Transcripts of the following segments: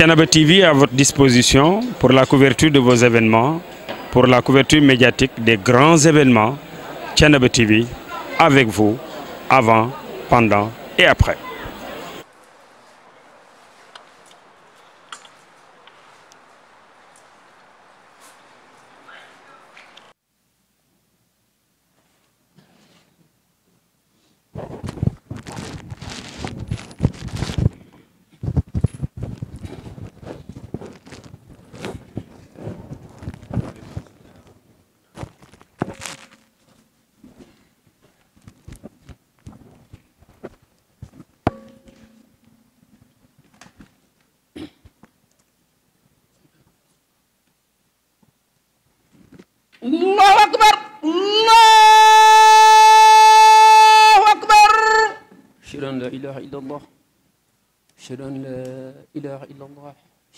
Thiénaba TV à votre disposition pour la couverture de vos événements, pour la couverture médiatique des grands événements. Thiénaba TV avec vous, avant, pendant et après.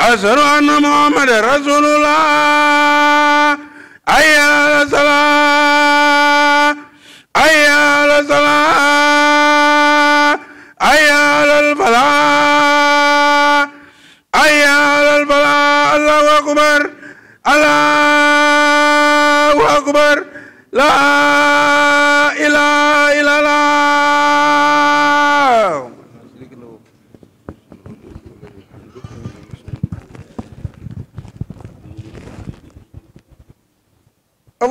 أشهد أن محمد رسول الله أي الصلاة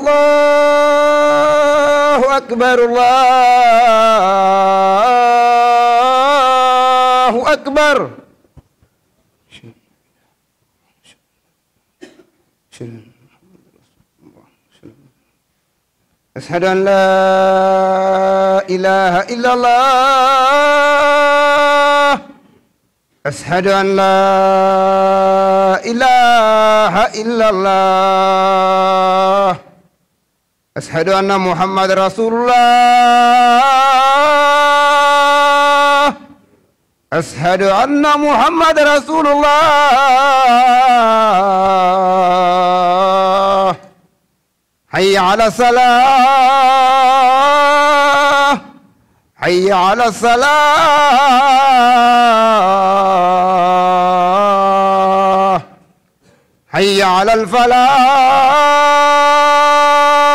allahu akbar allahu akbar أشهد أن لا إله إلا الله أشهد أن لا إله إلا الله أشهد أن محمد رسول الله أشهد أن محمد رسول الله حي على الصلاة حي على الصلاة حي على الفلاح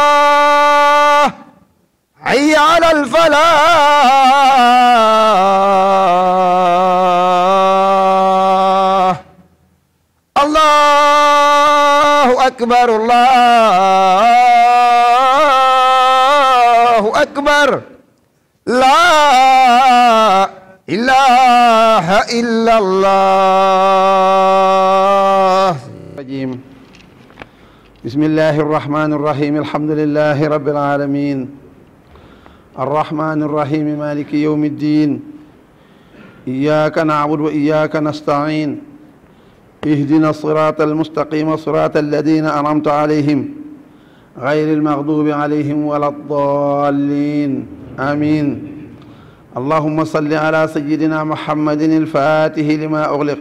حي على الفلاح الله أكبر الله أكبر لا إله إلا الله بسم الله الرحمن الرحيم الحمد لله رب العالمين الرحمن الرحيم مالك يوم الدين إياك نعبد وإياك نستعين اهدنا الصراط المستقيم صراط الذين أنعمت عليهم غير المغضوب عليهم ولا الضالين آمين اللهم صل على سيدنا محمد الفاتح لما أغلق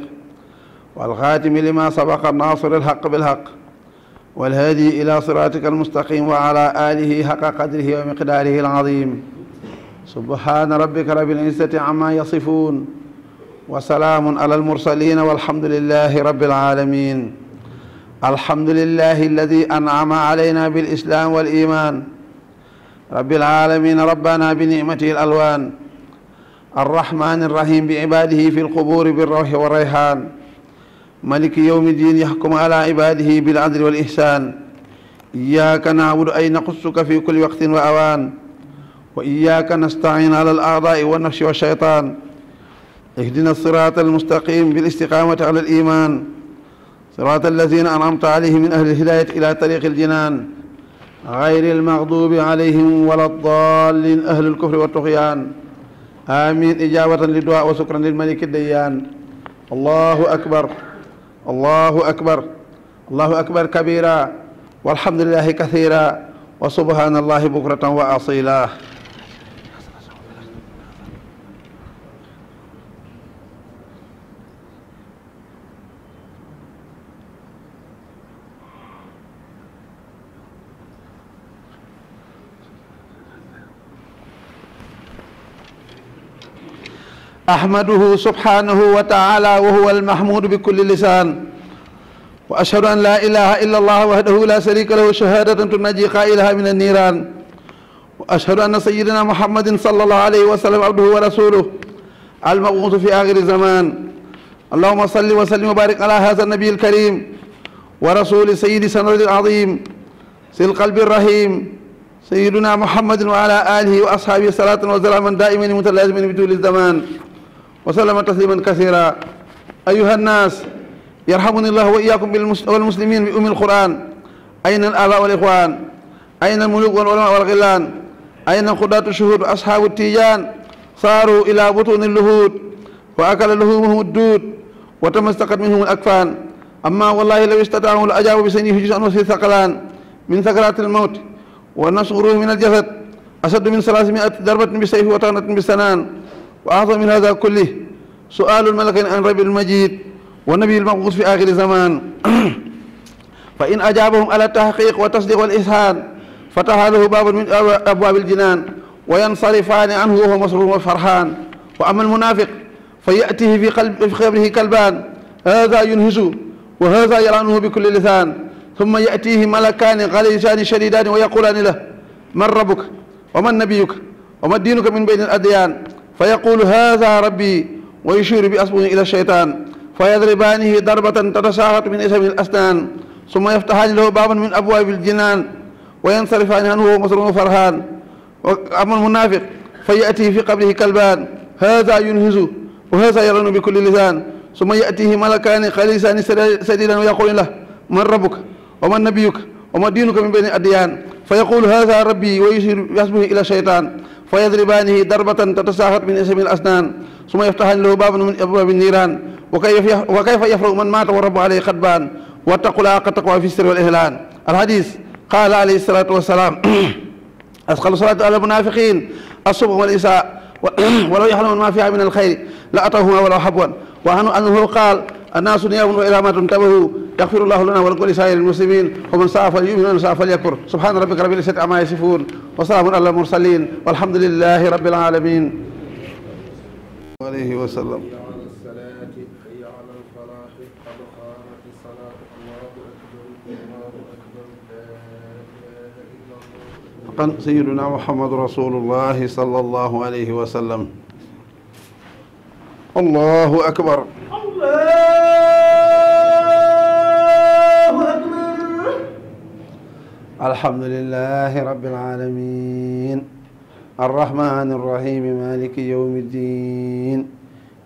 والخاتم لما سبق الناصر الحق بالحق والهادي إلى صراطك المستقيم وعلى آله حق قدره ومقداره العظيم سبحان ربك رب العزة عما يصفون وسلام على المرسلين والحمد لله رب العالمين الحمد لله الذي أنعم علينا بالإسلام والإيمان رب العالمين ربنا بنعمته الألوان الرحمن الرحيم بعباده في القبور بالروح والريحان maliki yawmi diin yaxkumu ala ibaadihi bil adli wal ihsaan iyaaka naabudu ay naqusuka fi kulli waqtin wa awaan wa iyaaka nastain ala al aadaai wa nafsi wa shaytaan ihdina siraata almustaqim bil istiqaamati ala al iimaan siraata allazina anamta alayhim min ahli alhidaayati ila tariqi aljinaan غير المغضوب عليهم ولا الضالين أهل الكفر والطغيان آمين إجابة للدعاء وشكرا للملك الديان الله أكبر allahu akbar allahu akbar kabira walhamdulillahi kathira wa subhanallahi bukratan wa asila أحمده سبحانه وتعالى وهو المحمود بكل لسان وأشهد أن لا إله إلا الله وحده لا شريك له شهادة تنجي قائلها من النيران وأشهد أن سيدنا محمد صلى الله عليه وسلم عبده ورسوله المبعوث في آخر الزمان اللهم صل وسلم وبارك على هذا النبي الكريم ورسول سيد سند العظيم سيد القلب الرحيم سيدنا محمد وعلى آله وأصحابه صلاة وسلاما دائما متلازما بطول الزمان وسلم تسليما كثيرا أيها الناس يرحمني الله وإياكم والمسلمين بأم القرآن أين الآباء والإخوان أين الملوك والعلماء والغلان أين قضاة الشهود أصحاب التيجان صاروا إلى بطون اللهود وأكل لحومهم الدود وتمسكت منهم الأكفان أما والله لو استطاعوا لأجابوا بسنيه جزءا وفي ثقلان من ثقلات الموت ونص غروه من الجسد أشد من ثلاثمائة ضربة بسيف وطعنة بسنان وأعظم من هذا كله سؤال الملكين عن رب المجيد والنبي المبعوث في آخر الزمان فإن أجابهم على التحقيق والتصديق والإسهاد فتح له باب من أبواب الجنان وينصرفان عنه وهو مسرور وفرحان وأما المنافق فيأتيه في قلب في قبره كلبان هذا ينهزه وهذا يلعنه بكل لسان ثم يأتيه ملكان غليظان شديدان ويقولان له من ربك ومن نبيك وما دينك من بين الأديان fa yaqulu hada rabbi wa yushiru bi asbuhi ila shaytan fa yadribanihi darbatan tatasahatu min isami al asnan summa yaftahaani lahu baaban min abwaabi aljinan wa yansarifaani anhu wa masrun farhan wa ama almunafiq fa yatihi fi qabrihi kalban hada yunhisu wa hada yaranu bi kulli lisan summa yatihi malakani khalisani sadidan wa yaqulu lahu man rabbuka wa man nabiyuka wa ma diinuka min bayni addiyaan fa yaqulu hada rabbi wa yushiru bi asbuhi ila shaytan فيضربانه ضربة تتساقط من اسم الأسنان ثم يفتحان له باب من أبواب النيران وكيف وكيف يفرغ من مات والرب عليه قد بان واتقوا الله قد تقوى في السر والإعلان الحديث قال عليه الصلاة والسلام أثقل صلاة على المنافقين الصبح والإساء ولو يحلمون ما فيها من الخير لأتوهما ولو حبوا وعنه أنه قال الناس نيام إلى ما تنتبهوا يغفر الله لنا ولكل سائر المسلمين ومن سعى فليؤمن ومن سعى فليكفر سبحان ربك رب العزة عما يصفون وسلام على المرسلين والحمد لله رب العالمين عليه وسلم سيدنا محمد رسول الله صلى الله عليه وسلم allahu akbar allahu akbar alhamdulilahi rabbil alamin arrahmani arrahim maliki yawmi ddin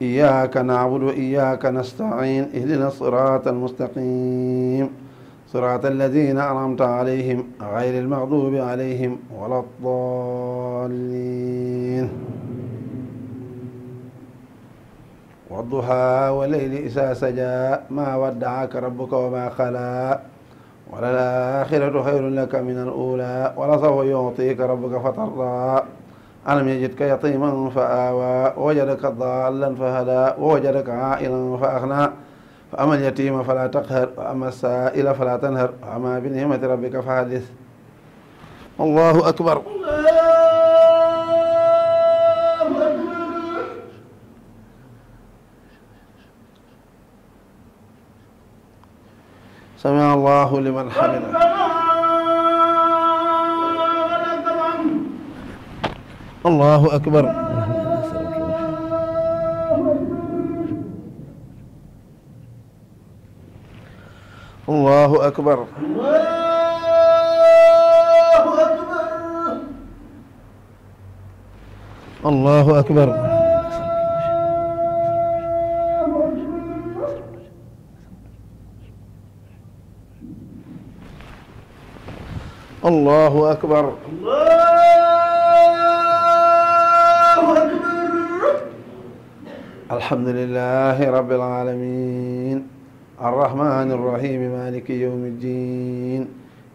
إياك نعبد وإياك نستعين اهدنا الصراط المستقيم صراط الذين أنعمت عليهم غير المغضوب عليهم ولا الضالين والضحى والليل إذا سجى ما ودعك ربك وما خلا وللآخرة خير لك من الأولى ولسوف يعطيك ربك فترضى ألم يجدك يتيما فآوى ووجدك ضالا فهدى ووجدك عائلا فأغنى فأما اليتيم فلا تقهر وأما السائل فلا تنهر وأما بنعمة ربك فحدث الله أكبر sami allahu liman hamida allahu akbar allahu akbar allahu akbar allahu akbar allahu akbar alhamdulilahi rabbil alamin الرحمن الرحيم مالك يوم الدين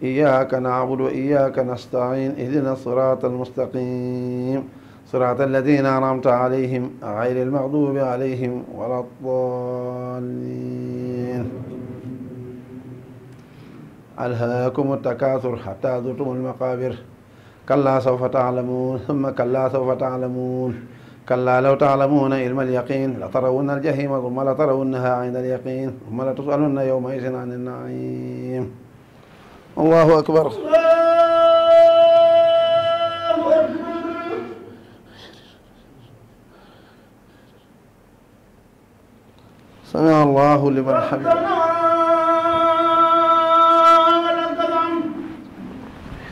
إياك نعبد وإياك نستعين اهدنا الصراط المستقيم صراط الذين أنعمت عليهم غير المغضوب عليهم ولا الضالين ألهاكم التكاثر حتى زرتم المقابر كلا سوف تعلمون ثم كلا سوف تعلمون كلا لو تعلمون علم اليقين لترون الجحيم ثم لترونها عند اليقين ثم لتسألن يومئذ عن النعيم الله أكبر الله أكبر سمع الله لمن حمده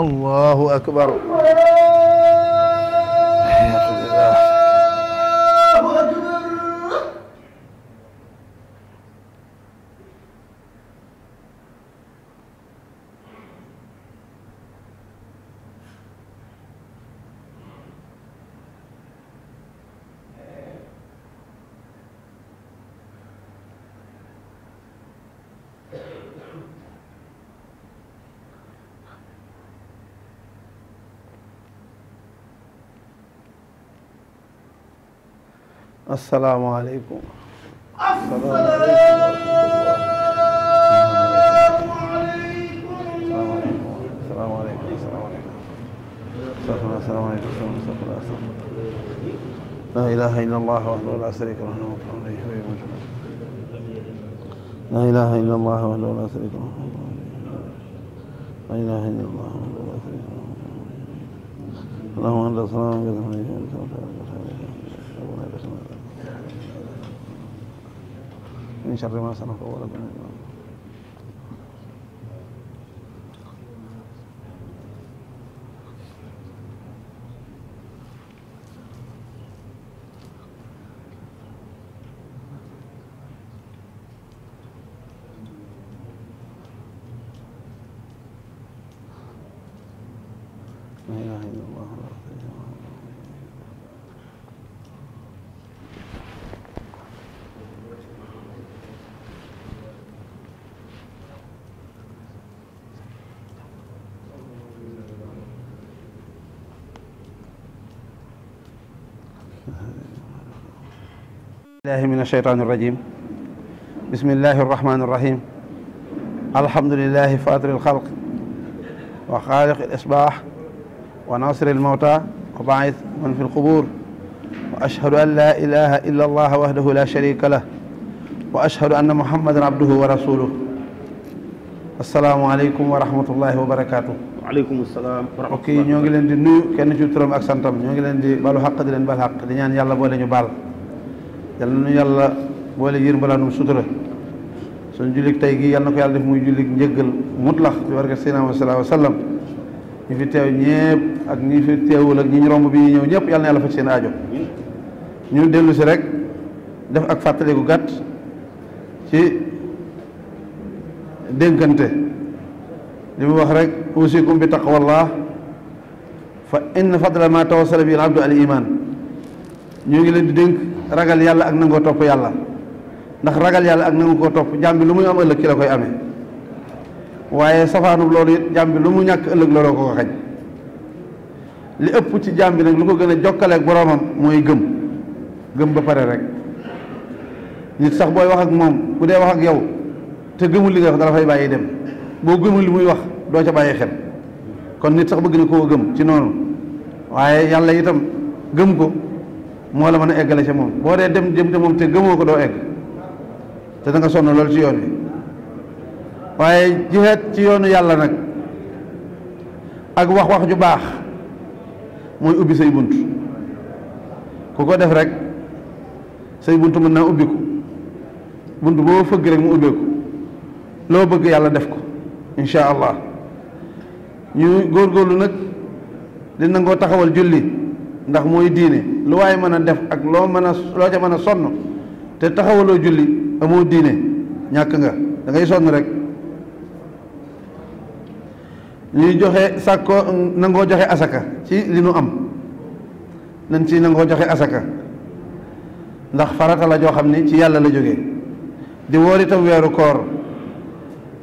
allahu akbar asalaamaaleykum. laa ilaaha illallaah wahdahu laa shariika lahu laa ilaaha illallaah wahdahu laa shariika lahu laa ilaaha illallaah wahdahu laa shariika lahu min sharri ma sana'tu wa الله من الشيطان الرجيم بسم الله الرحمن الرحيم الحمد لله فاطر الخلق وخالق الإصباح وناصر الموتى وباعث من في القبور وأشهد أن لا إله إلا الله وحده لا شريك له وأشهد أن محمدا عبده ورسوله asalaamaaleykum wa rahmatullahi wa barakaatu. waaleykum salaam wa rahmatulah. ok ñoo ngi leen di nuyu kenn ci turam ak santam ñoo ngi leen di balu xaq di leen bal xaq di ñaan yàlla boole ñu baal. yal na nu yàlla boole yërmalaanum sutura suñ jullit tey gi yal na ko yàlla def muy jullit njëggal mutlax ci barke Seydina Muhammad sallallahu alayhi wa sallam fi teew ñëpp ak ñi fi teewul ak ñu romb bi ñu ñëw ñëpp yal na yàlla faj seen aajo ñu dellu rek def ak fàttaliku gu gàtt ci dénkante li mu wax rek usikum bi taqwallah fa inna fadla ma tawassala bi al abdu al iman ñu ngi leen di dénk ragal yàlla ak nangoo topp yàlla ndax ragal yàlla ak nangoo koo topp jàmm bi lu muy am ëllëg ci la koy amee waaye safaanub loolu it jàmm bi lu mu ñàkk ëllëg looloo ko ko xañ li ëpp ci jàmm bi nag lu ko gën a jokkaleeg boroomam mooy gëm gëm ba pare rek nit sax booy wax ak moom bu dee wax ak yow te gëmul li nga wax dala bàyyi dem boo gëmul li muy wax doo ca bàyyi xel kon nit sax bëgg na koo gëm ci noonu waaye yàlla itam gëm ko moo la mën a eggale ca moom boo dee dem jëm te moom te gëmoo ko doo egg te da nga sonn loolu ci yoon wi waaye jihaat ci yoonu yàlla nag ak wax wax ju baax mooy ubbi say bunt ku ko def rek say bunt mën naa ubbiku bunt boo fëgg rek mu ubbeeku loo bëgg yàlla def ko insha allah ñu góorgóorlu nag di nangoo taxawal julli ndax mooy diine lu waaye mën a def ak loo mën a loo ca sonn te taxawaloo julli amoo diine ñàkk nga dangay ngay sonn rek ñuy joxe sàkko nangoo joxe asaka ci li nu am nañ ci nangoo joxe asaka ndax farata la joo xam ni ci yàlla la jógee di woor itam weeru koor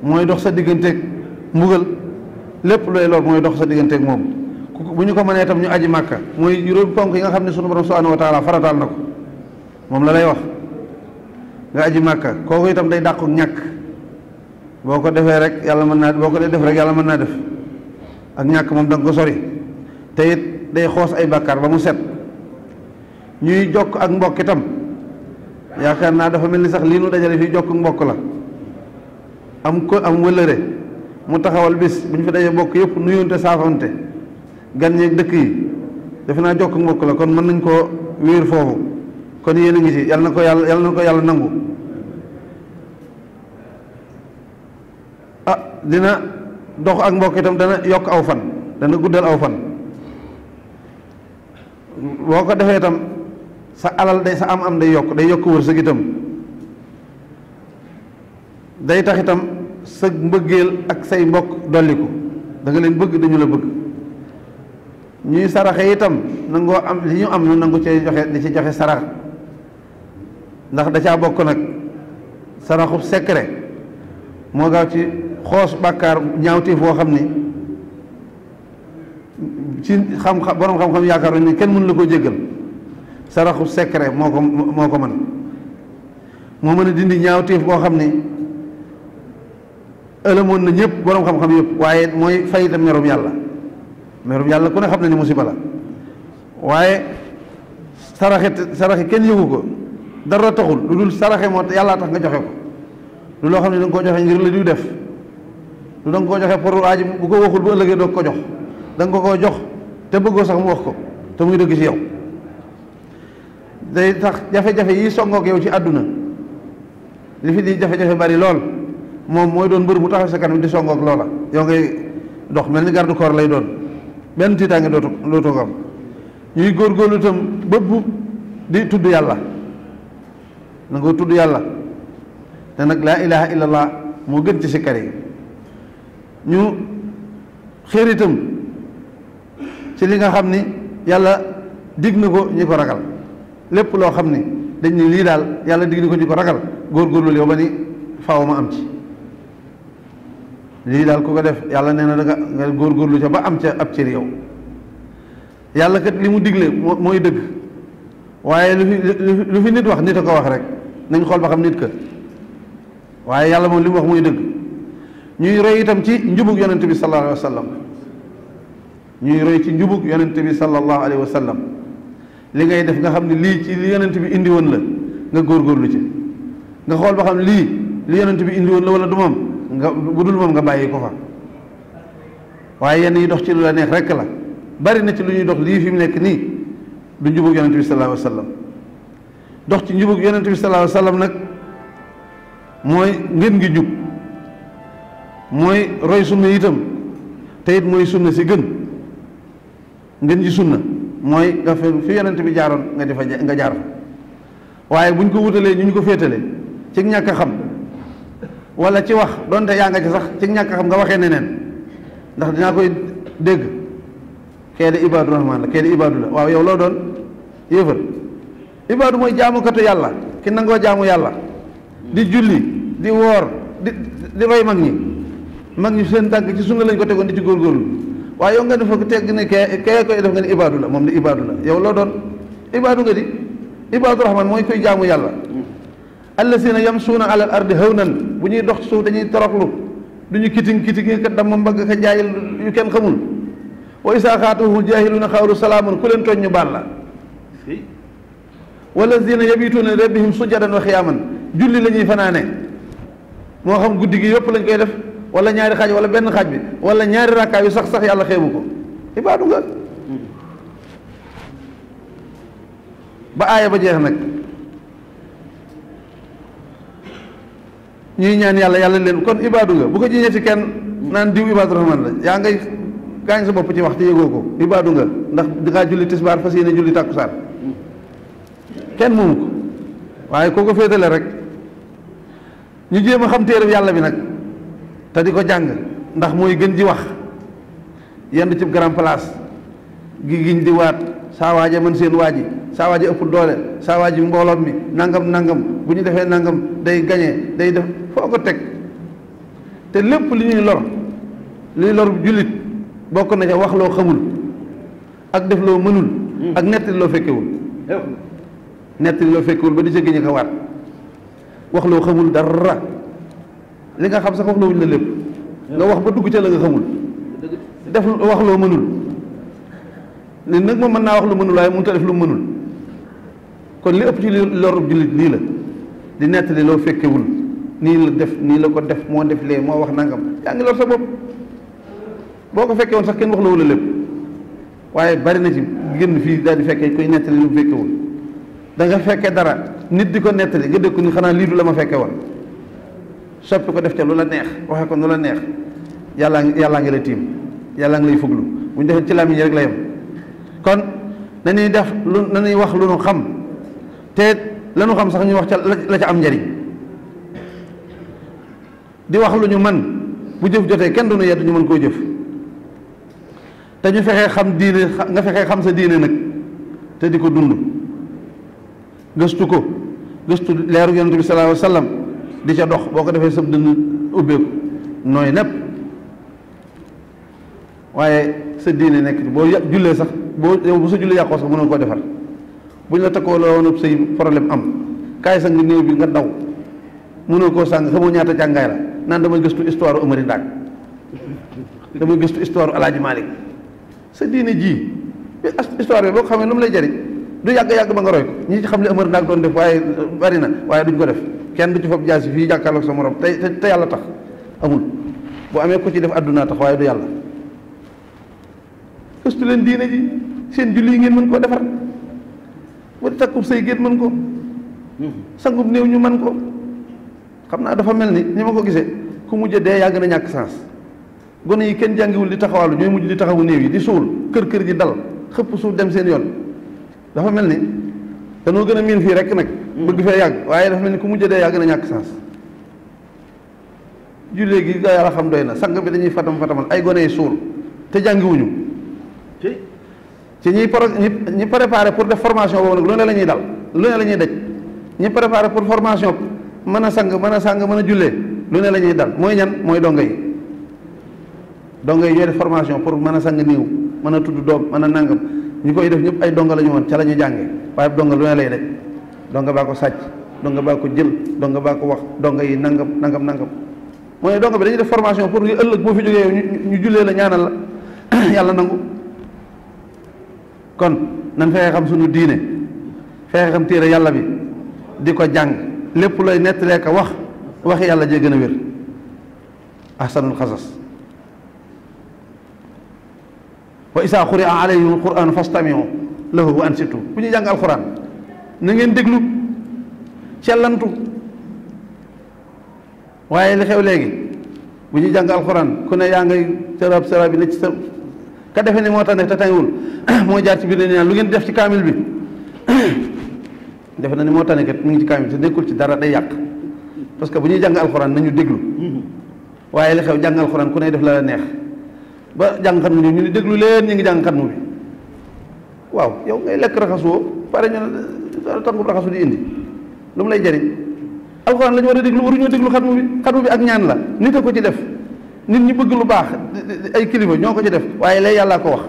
mooy dox sa digganteeg mbugal lépp looy lor mooy dox sa digganteeg moom ko bu ñu ko mënee tam ñu aji màkka mooy juróom ponk yi nga xam ne sunu borom subhanahu wa taala farataal na ko moom la lay wax nga aji màkka kooku itam day dàqu ñàkk boo ko defee rek yàlla mën naa boo ko dee def rek yàlla mën naa def ak ñàkk moom da ko sori te it day xoos ay bàkkaar ba mu set ñuy jokk ak mbokk itam yaakaar naa dafa mel ni sax lii nu dajale fii jokk mbokk la am ko am wëllëre mu taxawal bis bu ñu fi dajee mbokk yëpp nuyonte saafante gan yee dëkk yi def naa jokk mbokk la kon mën nañ koo wéer foofu kon yéen a ngi si yàlla na ko yàlla yàlla na ko yàlla nangu ah dina dox ak mbokk itam dana yokk aw fan dana guddal aw fan boo ko defee itam sa alal day sa am am day yokk day yokk wërsëg itam day taxitam itam sa mbëggeel ak say mbokk dolliku da leen bëgg dañu la bëgg ñuy saraxe itam nangoo am li ñu am nu nangu cee joxe di ci joxe sarax ndax dacaa caa bokk nag saraxub secret moo gaaw ci xoos bàkkaar ñaawti foo xam ni ci xam-xam borom xam-xam yaakaaroon ni kenn mën la koo jéggal saraxub secret moo ko moo ko mën moo mën a dindi ñaawteef boo xam ni ëlëmoon na ñëpp boroom xam-xam yëpp waaye mooy fay itam merum yàlla merum yàlla ku ne xam na ni musiba la waaye saraxe saraxe kenn yëgu ko dara taxul lu dul saraxe moo yàllaa tax nga joxe ko lu loo xam ne da nga koo joxe ngir la diw def lu da nga koo joxe pour aaji bu ko waxul bu ëllëgee doo ko jox danga nga ko jox te bëggoo sax mu wax ko te muy dëgg ci yow day tax jafe-jafe yi songoog yow ci àdduna li fi di jafe-jafe bari lool moom mooy doon mbër mu taxaw sa kanam di songoog loola yow ngay dox mel ni garde lay doon benn tiitaange dootu dootoo ko am ñuy góorgóorlu itam bëpp di tudd yàlla na nga tudd yàlla te nag laa ilaha illallah moo gën ci sikkar yi ñu xéer ci li nga xam ni yàlla dig na ko ñi ko ragal lépp loo xam ni dañ lii daal yàlla dig na ko ñi ko ragal góorgóorlu yow ba ni faaw am ci lii daal ku ko def yàlla nee na da nga góorlu ca ba am ca ab cër yow yàlla kat li mu digle mooy dëgg waaye lu fi lu fi nit wax nit a ko wax rek nañ xool ba xam nit ka waaye yàlla moom li mu wax mooy dëgg ñuy roy itam ci njubug yonent bi sallallahu alayhi wa ñuy roy ci njubug yonent bi sallallahu alayhi wa sallam li ngay def nga xam ne lii ci li yonent bi indiwoon la nga góor góorlu ci nga xool ba xam lii li yonent bi indi woon la wala du moom nga bu dul moom nga bàyyi ko fa waaye yenn yi dox ci la neex rekk la bari na ci lu ñuy dox lii fi mu nekk nii du njubug yonent bi sallallahu alayhi dox ci njubug yonent bi sallallahu alayhi nag mooy ngeen ngi jub mooy roy sunna itam te mooy sunna si gën ngeen ji sunna mooy nga fi fi yonent bi jaaroon nga di nga jaar fa waaye buñ ko wutalee ñu ñu ko féetalee ci ñàkk xam wala ci wax donte yaa nga ci sax ci ñàkk xam nga waxee neneen ndax dinaa koy dégg kee de ibaadu rahmaan la kee de ibaadu la waaw yow loo doon yëfër ibaadu mooy jaamukatu yàlla ki nangoo jaamu yàlla di julli di woor di mag ñi mag ñi seen tànk ci sunna lañ ko tegoon di ci góorgóorlu waaye yow nga ne foog teg ne kee kee koy def nga la moom ne ibaadu la yow loo doon ibaadu nga di ibaadu rahmaan mooy koy jaamu yàlla allasina yamsuuna ala al ardi hawnan bu ñuy dox suuf dañuy toroxlu du ñu kiting kiting ka damm mbagg ka jaay yu kenn xamul wa isaa xaatuhu jaahiluuna xawlu salaamun ku leen tooñ ñu baal la walazina yabituuna li rabbihim sujadan wa xiyaaman julli la ñuy fanaane moo xam guddi gi yëpp lañ koy def wala ñaari xaaj wala benn xaaj bi wala ñaari rakkaa yu sax sax yàlla xeebu ko ibaadu nga hmm. ba aaya ba jeex nag ñuy ñaan yàlla yàlla leen kon ibaadu nga bu ko jiñee ci kenn naan diw ibaadu rahman la yaa ngay gaañ sa bopp ci wax te yëgoo ko ibaadu nga ndax di ngaa julli tisbaar fas yéene julli tàkkusaan kenn moomu ko waaye koo ko féetale rek ñu jéem a xam téereb yàlla bi nag te di ko jàng ndax mooy gën ji wax yenn ci grand place gi giñ di waat saa waaje man seen waaji saa waa ëpp doole saa waa ji mi nangam nangam bu ñu defee nangam day gañee day def foo ko teg te lépp li ñuy lor li ñuy lor jullit bokk na ca wax loo xamul ak def loo mënul ak nettali loo fekkewul nettali loo fekkewul ba di ca géñe ko waat wax loo xamul dara li nga xam sax wax loo wuñ la lépp nga wax ba dugg ca la nga xamul def wax loo mënul ne nag moom mën naa wax lu mënul waaye mënut a def lu mënul kon li ëpp ci lorub jullit lii la di nettali loo fekkewul nii la def nii la ko def moo def lee moo wax nangam yaa ngi lor sa bopp boo ko fekkee sax kenn wax la wala lépp waaye bari na ci génn fii daal di fekkee koy nettali lu fekkewul da nga fekkee dara nit di ko nettali nga dëkk ni xanaa lii du la ma fekke woon soppi ko def ca lu la neex waxe ko nu la neex yàllaa yàllaa ngi la tiim yàlla ngi lay fuglu bu ñu defee ci làmmiñ rek la yem kon nañuy def lu nañuy wax lu xam te lañu xam sax ñu wax ca la ca am njariñ di wax lu ñu man bu jëf jotee kenn du ñu yedd ñu mën koo jëf te ñu fexee xam diine nga fexee xam sa diine nag te di ko dund gëstu ko gëstu leeru yonent bi sallallahu alayhi wa di ca dox boo ko defee sab dënn ubbeeku nooy nepp waaye sa diine nekk boo jullee sax boo yow bu sa jullee yàqoo sax mënoon koo defar bu ñu la takkoo la woon sëy problème am kaay sang néew bi nga daw mënoo koo sàng xamoo ñaata jàngaay la naan damay gëstu histoire Omari Ndaak dama gëstu histoire Alaaji Malik sa diine ji histoire bi boo xam ne lu mu lay jariñ du yàgg-yàgg ba nga roy ko ñi ci xam ne Omari Ndaak doon def waaye euh, bari na waaye duñ ko def kenn du ci foog jaasi fii jàkkaarloog sa morom te te yàlla tax amul bu amee ko ci def àdduna tax waaye du yàlla gëstu leen diine ji seen julli yi ngeen mën koo defar ba di takkub say géet mën ko hmm. sangub néew ñu man ko xam naa dafa mel ni ni ma ko gisee ku mujj dee yàgg gën a ñàkk sens gone yi kenn jàngiwul di taxawaalu ñooy mujj di taxawu néew yi di suul kër kër gi dal xëpp suuf dem seen yoon dafa mel ni danoo gën a miin fii rek nag hmm. bëgg fee yàgg waaye dafa mel ni ku mujj dee yaa gën a ñàkk sens jullee gi gaa yàlla xam doy na sang bi dañuy fatam fatamal ay gone yi suul te jàngiwuñu te ñi pro ñi préparé pour def formation boobu nag lu ne la ñuy dal lu ne la daj ñi préparé pour formation mën a sang mën a sang mën a jullee lu ne la ñuy dal mooy ñan mooy donga yi donga yi ñooy def formation pour mën a sang niiw mën a tudd doom mën a nangam ñu koy def ñëpp ay donga la ñu ca la ñu jàngee waaye donga lu ne lay daj donga baa ko sàcc donga baa ko jël donga baa ko wax donga yi nangam nangam nangam mooy donga bi dañuy def formation pour la ñaanal la yàlla nangu kon nan fexe xam suñu diine fexe xam téere yàlla bi di ko jàng lépp looy nettalee ko wax waxi yàlla jee gën a wér ahsanul xasas wa isaa xuria alayhim alquran fastamiu lahu wa ansitu bu ñu jàng alquran na ngeen déglu cellantu waaye li xew léegi bu ñu jàng alquran ku ne yaa ngay sërab sërab bi ne ci sa ka defe ne moo tax nag te tàngiwul moo jaar ci biir ne naan lu ngeen def ci kaamil bi defe na ne moo tax ne kat mu ngi ci kaamil te nekkul ci dara day yàq parce que bu ñuy jàng alxuraan nañu déglu waaye la xew jàng alxuraan ku ne def la neex ba jàng xatmu ñu ni déglu leen ñu ngi jàng xatmu bi waaw yow ngay lekk raxasoo pare ñu ne tàngub raxasu di indi lu mu lay jëriñ alxuraan la ñu war a déglu waruñoo déglu xatmu bi xatmu bi ak ñaan la nit a ko ci def nit ñi bëgg lu baax ay kilifa ñoo ko ci def waaye lay yàllaa ko wax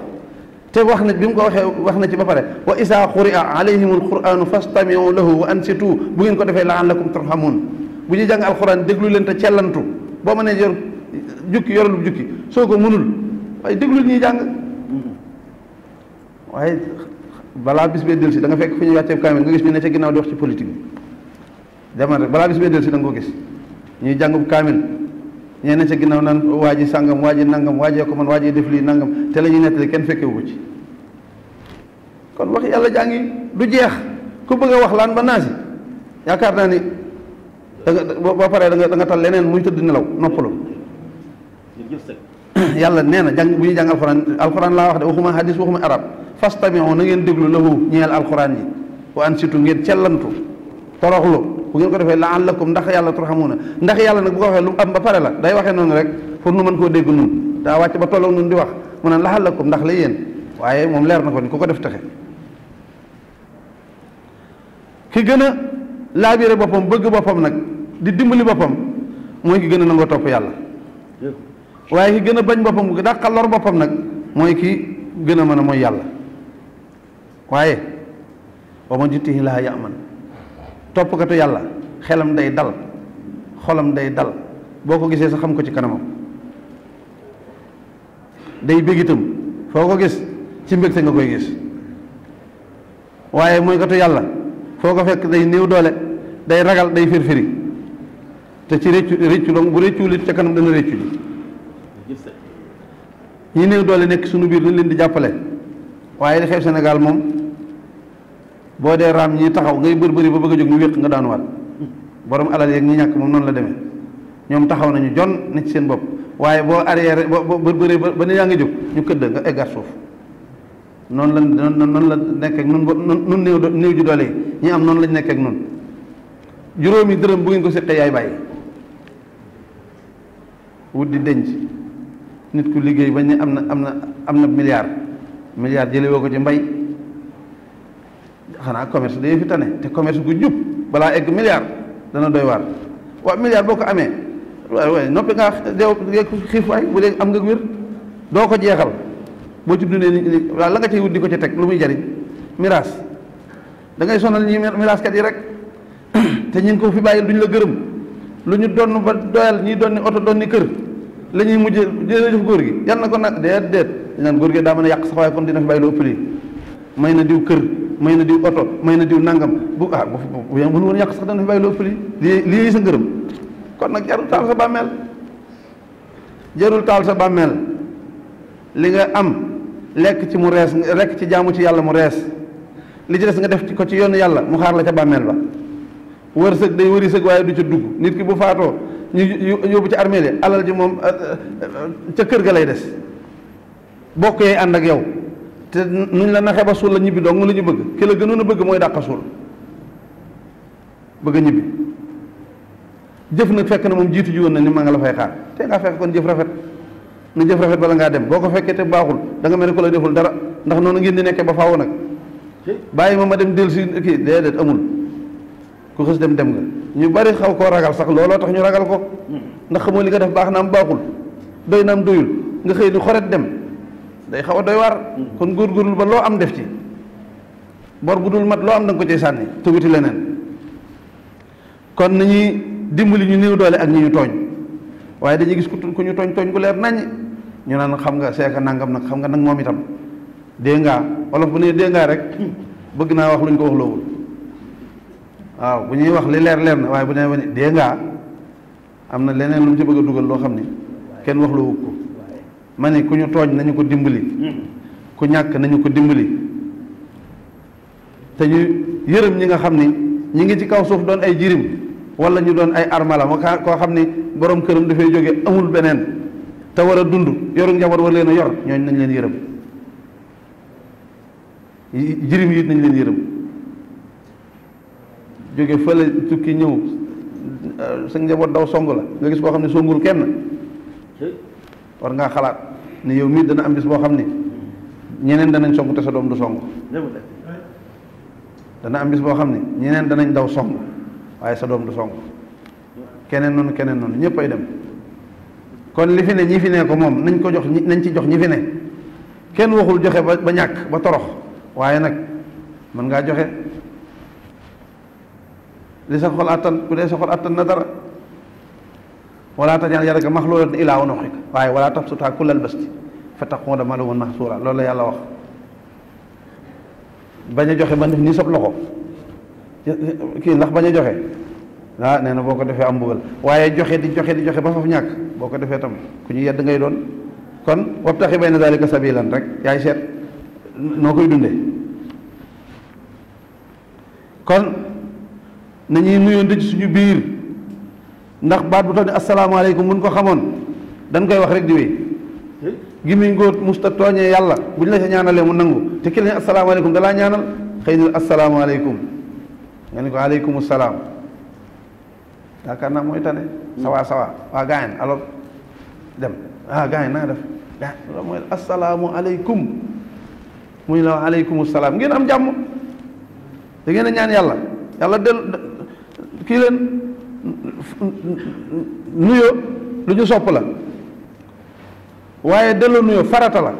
te wax na bi mu ko waxee wax na ci ba pare wa isaa quri'a alayhim alquranu fastami'u lahu wa ansitu bu ngeen ko defee la'allakum turhamun bu ñuy jàng alquran déglu leen te cellantu boo mënee yor jukki yoralub jukki soo ko mënul waaye déglu ñuy jàng waaye balaa bis bee del si da nga fekk fu ñuy wàccee kaamil nga gis ñu ne ca ginnaaw di wax ci politique bi demal rek balaa bis bee del si da nga ko gis ñuy jàngub kaamil ñee na ca ginnaaw naan waa ji sàngam waa ji nangam waajee ko man waajee def lii nangam te la ñuy nettali kenn fekkewu ko ci kon wax yàlla jaa du jeex ku bëgg a wax laan ba naasi yaakaar naa ni danga boo boo paree danga danga tal leneen muy tëdd nelaw noppalu yàlla nee na jàng bu ñuy jàng alxuraan alxuraan laa wax de waxuma hadis waxuma arab oo na ngeen déglu lahu ñeel alxuraan yi wa ansitu ngeen cellantu toroxlu bu ngeen ko defee la an lakum ndax yàlla turxamuuna ndax yàlla nag bu ko waxee lu am ba pare la day waxee noonu rek pour nu mën koo dégg nun daa wàcc ba tolloog nun di wax mu naan laxal lakum ndax la yéen waaye moom leer na ko ko def taxe ki gën a laabire boppam bëgg boppam nag di dimbali boppam mooy ki gën a nangoo topp yàlla waaye ki gën a bañ boppam bu dàqal lor boppam nag mooy ki gën a mën a mooy yàlla waaye wa man yutiihi llaaha toppkatu yàlla xelam day dal xolam day dal boo ko gisee sa xam ko ci kanamam day bég foo ko gis ci mbégte nga koy gis waaye mooy katu yàlla foo ko fekk day néew doole day ragal day firfiri te ci réccu réccu dong bu réccu lit kanam dana réccu ji ñi néew doole nekk sunu biir dañ leen di jàppale waaye li xew Sénégal moom boo dee raam ñi taxaw ngay bër bëri ba bëgg a jóg ñu wéq nga daanuwaat borom alal yeeg ñi ñàkk moom noonu la demee ñoom taxaw nañu jon na seen bopp waaye boo arrière boo bër bëri ba ne yaa ngi jóg ñu këdd nga eggaat noonu la noonu la nekk ak nun nun néew néew ju doole yi ñi am lañ nekk ak juróomi dërëm bu ngeen ko séqee yaay bàyyi wut di denc nit ku liggéey bañ ni am na am na am na milliard milliard jële woo ko ci mbay xanaa commerce day fi tane te commerce gu jub balaa egg milliard dana doy waar waaw milliard boo ko amee waaye waaye noppi ngaa deew xiif waay bu dee am nga wér doo ko jeexal boo ci dundee ni waaw la nga cay wut di ko ci teg lu muy jariñ miraas dangay ngay sonal ñi miraaskat yi rek te ñu ngi ko fi bàyyil duñ la gërëm lu ñu donn ba doyal ñi donni oto donni kër la ñuy mujjee jërëjëf góor gi yal na ko nag déet góor gi daa mën a yàq sax waaye kon dina fi bàyyi lu ëpp lii may na diw kër may na diw oto may na diw nangam bu ah bu mënu woon yàq sax dana fi bàyyi loo pëli lii lii sa ngërëm kon nag jarul taal sa bàmmeel jarul taal sa bàmmeel li nga am lekk ci mu rees lekk ci jaamu ci yàlla mu rees li ci des nga def ci ko yoonu yàlla mu xaar la ca bàmmeel ba wërsëg day wërisëg waaye du ca dugg nit ki bu faatoo ñu yóbbu ci armée alal ji moom euh, euh, ca kër ga lay des bokk yee ànd ak yow te ñu la naxee ba suul la ñibbi dong la ñu bëgg ki la gënoon a bëgg mooy dàqa suul bëgg a ñibbi jëf nag fekk na moom jiitu ji woon na ni ma nga la fay xaar te ngaa fekk kon jëf rafet na jëf rafet bala ngaa dem boo ko fekkee te baaxul danga mel ne ku la deful dara ndax noonu ngeen di nekkee ba faaw nag bàyyi ma ma dem dellu si kii déedéet amul ku xës dem dem nga ñu bari xaw koo ragal sax looloo tax ñu ragal ko ndax xamoo li nga def baax naam baaxul doy naam doyul nga xëy ni dem day xaw a doy waar mm-hmm. kon góorgóorlu ba loo am def ci bor bu dul mat loo am da nga ko cay sànni tuguti leneen kon nañuy dimbali ñu néew doole ak ñi ñu tooñ waaye dañuy gis ku ñu tooñ tooñ ku leer nañ ñu naan xam nga seeka nangam nag xam nga nag moom itam dégg ngaa olof bu ne dégg ngaa rek bëgg naa wax luñ ko wax loowul waaw bu ñuy wax li leer leer na waaye bu ne dégg ngaa am na leneen lu mu ci bëgg a dugal loo xam ni kenn wax loo wug ko man ne ku ñu tooñ nañu ko dimbali ku ñàkk nañu ko dimbali te ñu yërëm ñi nga xam ni ñi ngi ci kaw suuf doon ay jirim wala ñu doon ay armala moo koo xam ni boroom këram dafay jóge amul beneen te war a dund yoru njaboot war leen yor ñooñ nañ leen yërëm jirim yi nañ leen yërëm jóge fële tukki ñëw sa njaboot daw song la nga gis koo xam ne songul kenn war ngaa xalaat ne yow mii dana am bis boo xam ne ñeneen danañ song te sa doom du song dana am bis boo xam ne ñeneen danañ daw song waaye sa doom du song keneen noonu keneen noonu ñëpp ay dem kon li fi ne ñi fi ne ko moom nañ ko jox nañ ci jox ñi fi ne kenn waxul joxe ba ba ñàkk ba torox waaye nag mën ngaa joxe li sa xol attan ku dee sa xol attan na dara wala tajal yadaka maxluulatan ilaa unuqika waaye wala tabsutaa kullal basti fa taquuda maluuman mahsuura loolu la yàlla wax bañ a joxe ba def nii sob loxo kii ndax bañ a joxe ah nee na boo ko defee am mbugal waaye joxe di joxe di joxe ba faf ñàkk boo ko defee tam ku ñu yedd ngay doon kon wabtaxi bayna dalika sabilan rek yaay seet noo koy dunde kon nañuy nuyoon ci suñu biir ndax baat bu toll ni asalaamaaleykum mun ko xamoon dañ koy wax rek di wéy eh? gimmiñ góor musta tooñee yàlla bu ñu la sa ñaanalee mu nangu te ki lañu asalaamaaleykum da laa xëy na asalaamaaleykum nga ni ko aleykum salaam yaakaar naa mooy tane sawa sawa waa gaañ ah, la wax salaam ngeen am jàmm da ngeen a ñaan yàlla yàlla del kii leen nuyo lu ñu sopp la waaye delloo nuyoo farata la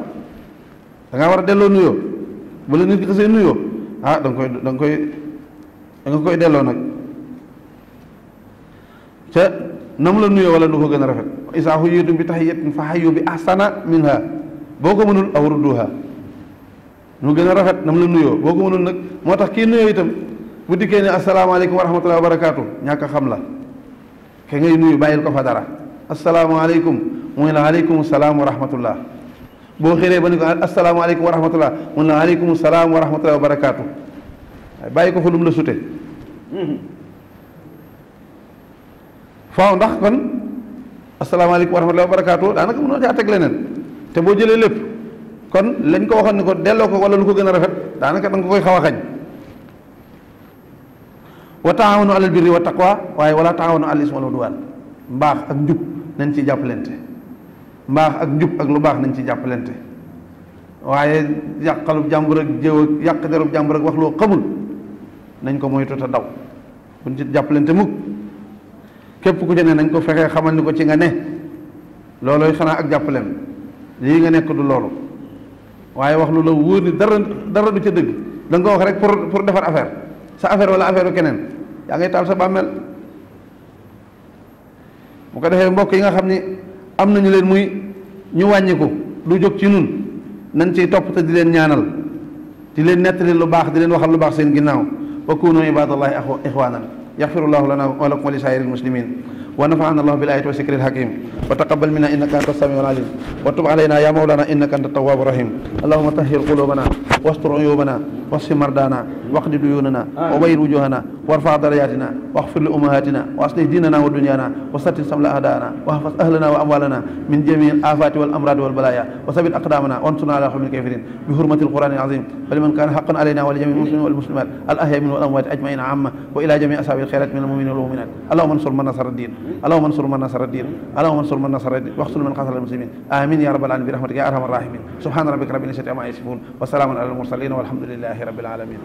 dangaa war a delloo nuyoo bu la nit ki xasee nuyoo ah da koy da koy delloo nag te na mu la nuyoo wala nu ko gën a rafet isaa huyyitum bi tax tahiyyatin fa hayyu bi ahsana minha boo ko mënul aw rudduha nu gën a rafet na la nuyoo boo ko mënul nag moo tax kii nuyoo itam bu dikkee ne asalaamaaleykum wa rahmatulah wa barakaatu ñàkk a xam la ke ngay nuyu bàyyil ko fa dara asalaamaaleykum mu ne la aleykum salaam wa rahmatulah boo xëree ba ni ko asalaamaaleykum wa rahmatulah salaam wa rahmatulah barakaatu bàyyi ko fa lu mu la sute faaw ndax kon asalaamaaleykum wa rahmatulah wa barakaatu daanaka mënoo caa teg leneen te boo jëlee lépp kon lañ ko waxoon ni ko delloo ko wala lu ko gën a rafet daanaka da nga koy xaw a xañ wa taawanu alal birri wa taqwa waaye wala taawanu alal ismi wal udwaan mbaax ak njub nañ ci jàppalante mbaax ak njub ak lu baax nañ ci jàppalante waaye yàqalu jàmbur ak jëw yàq derub jàmbur ak wax loo xamul nañ ko moytu te daw buñ ci jàppalante mukk képp ku ci ne nañ ko fexee xamal ni ko ci nga ne loolu loolooy xanaa ak jàppaleem lii nga nekk du loolu waaye wax lu la wóor ni dara dara du ca dëgg da nga wax rek pour pour defar affaire sa affaire wala affaire keneen yaa ngay taal sa bàmmeel bu ko defee mbokk yi nga xam ni am nañu leen muy ñu wàññiku du jóg ci nun nañ ciy topp te di leen ñaanal di leen nettali lu baax di leen waxal lu baax seen ginnaaw wa kunu ibadallahi ixwanan yaxfirullahu lana wa lakum wa li saa'iril muslimin ونفعنا الله بالآية والذكر الحكيم وتقبل منا إنك أنت السميع العليم وتب علينا يا مولانا إنك أنت التواب الرحيم اللهم طهر قلوبنا واستر عيوبنا واشف مرضانا واقض ديوننا وبير وجوهنا وارفع درجاتنا واغفر لأمهاتنا وأصلح ديننا ودنيانا وستر سمل أعداءنا واحفظ أهلنا وأموالنا من جميع الآفات والأمراض والبلايا وثبت أقدامنا وانصرنا على قوم الكافرين بحرمة القرآن العظيم ولمن كان حقا علينا ولجميع المسلمين والمسلمات الأحياء من والأموات أجمعين عامة وإلى جميع أصحاب الخيرات من المؤمنين والمؤمنات اللهم انصر من نصر الدين allahumma ansur man nasara diin allahumma ansur man nasara diin waxsul man xasal muslimin amin ya rabbal alamin bi rahmatika ya arhamar rahimin subhana rabbika rabbil izzati amma yasifun wa salaamun ala al mursalin walhamdulillahi rabbil alamin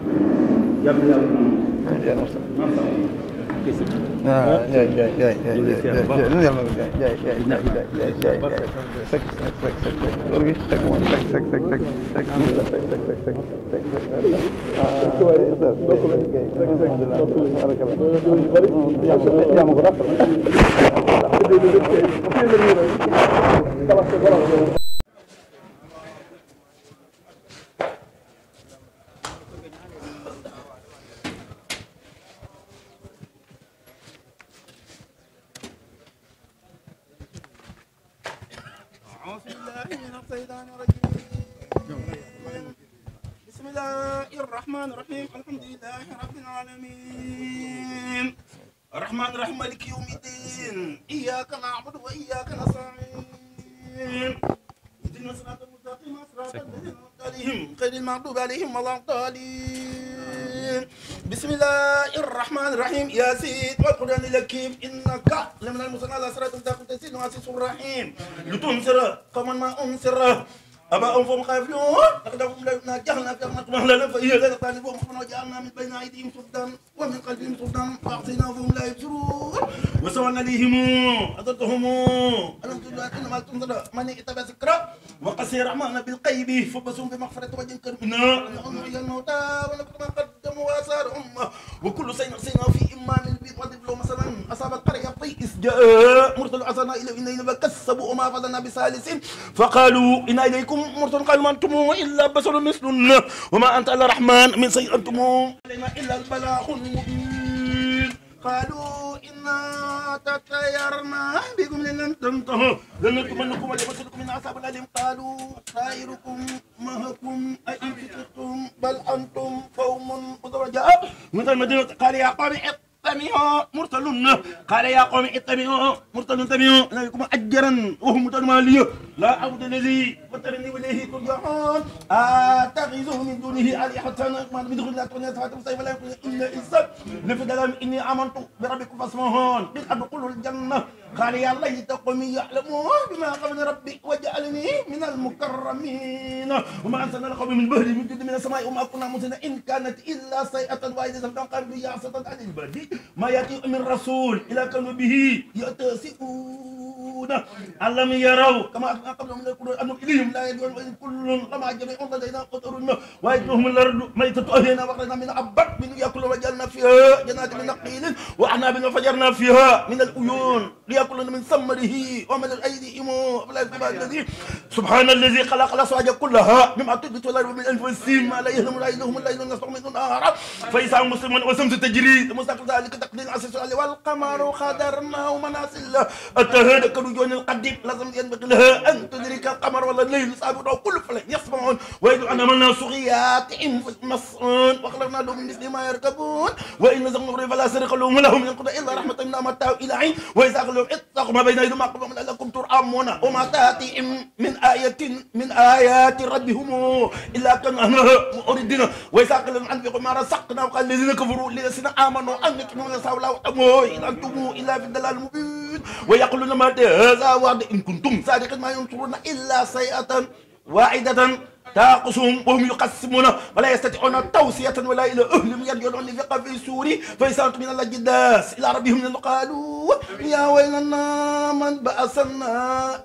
kesin. Ha, ya ya ya ya. Ne yapalım? Ya ya ya ya ya ya. Sak sak sak sak. Doğru git. Sak sak sak sak sak. Sak sak sak sak sak. Sak sak sak sak. أقبالهم ولا الضالين بسم الله الرحمن الرحيم يا سيد والقرآن الحكيم إنك لمن المسلمين على صراط مستقيم تسيد وعزيز الرحيم لتنصر قوما ما أنصر أبا أنفهم خافلون لقد أنفهم لا يبنى جهلنا في أمنا قبل لنا فإيه غير طالبهم وجعلنا من بين أيديهم سلطان ومن قلبهم سلطان فأعطينا فهم لا يبصرون وسوى الذين أضدهم ألم تدعى إنما تنظر من يتبع ذكرى وقسي رحمن بالقيب فبصهم بمغفرة وجه كربنا أن إلى الموتى ونكتب ما قدموا وآثارهم وكل شيء نحصيناه في إمام البيض واضرب له مثلا أصاب القرية طيس جاء مرسل عصانا إلى إلينا فكسبوا وما فضلنا بثالث فقالوا إن إليكم مرسل قالوا ما أنتم إلا بشر مثلنا وما أنت إلا رحمن من شيء أنتم علينا إلا البلاغ المبين قالوا إنا تطيرنا بكم لن تنتهوا لنتمنكم ولمسلكم من عذاب الأليم قالوا طائركم معكم أئن سكتم بل أنتم قوم مدرجاء من المدينة قال يا قوم اتبعوا مرسلون قال يا قوم اتبعوا مرسلون اتبعوا لكم أجرا وهم متنماليون لا أعبد الذي فطرني وإليه ترجعون أتخذه من دونه آلهة أقمن من دون الله تغني أسفاتهم سيف لا يكون إلا إنسان لفدلهم إني آمنت بربكم فاسمعون قل أدخلوا الجنة قال يا الله تقوم يعلمون بما قبل ربي وجعلني من المكرمين وما أنزلنا لقوم من بهر من جد من السماء وما كنا مسلمين إن كانت إلا سيئة واحدة سبحان قال بي عصة عن البدي ما يأتي من رسول إلا كانوا به يتسئون يشاءون ألم يروا كما أهلكنا قبلهم من القرون أنهم إليهم لا يرجعون وإن كل لما جميع لدينا قدر وإنهم الأرض ميتة أهينا وغرنا من عبد من يأكل وجعلنا فيها جنات من نقيل وأعناب وفجرنا فيها من العيون ليأكلن من ثمره ومن أيديهم فلا يكتب الذي سبحان الذي خلق الأزواج كلها مما تنبت الأرض من أنفسهم ما لا يهلم لا يهلم لا يهلم نصر من نهارا فإذا مسلم والشمس تجري مستقر ذلك تقدير عسى والقمر قدرناه منازل أتهدك kadu joonil xaddib lasam yanbaghi laha an tudrika al-qamar wala laylu saabiqu kullu falak yasma'un wa yad'u amalna sughiyatihim mas'un wa khalaqna lahum min misli ma yarkabun wa in nazaghnahum fala sariqa lahum wa lahum yanqudu illa rahmatan minna matta'u ila hin wa idha akhlu ittaqu ma bayna yadayhim aqbahum la'allakum turhamuna wa ma ta'tihim min ayatin min ayati rabbihim illa kanu anha mu'ridin wa idha qila lahum anfiqu ma razaqnakum qala alladhina kafaru lilladhina amanu anfiqu mimma razaqnakum la ta'lamun illa antum illa fi dalalin mubin yu'minun wa yaquluna ma hadha wa in kuntum sadiqin ma yansuruna illa say'atan wa'idatan تاقصهم وهم يقسمون ولا يستطيعون توصية ولا إلى أهلهم يرجعون لفقه في سوري فيسانت من الأجداس إلى ربهم قالوا يا ويلنا من بأسنا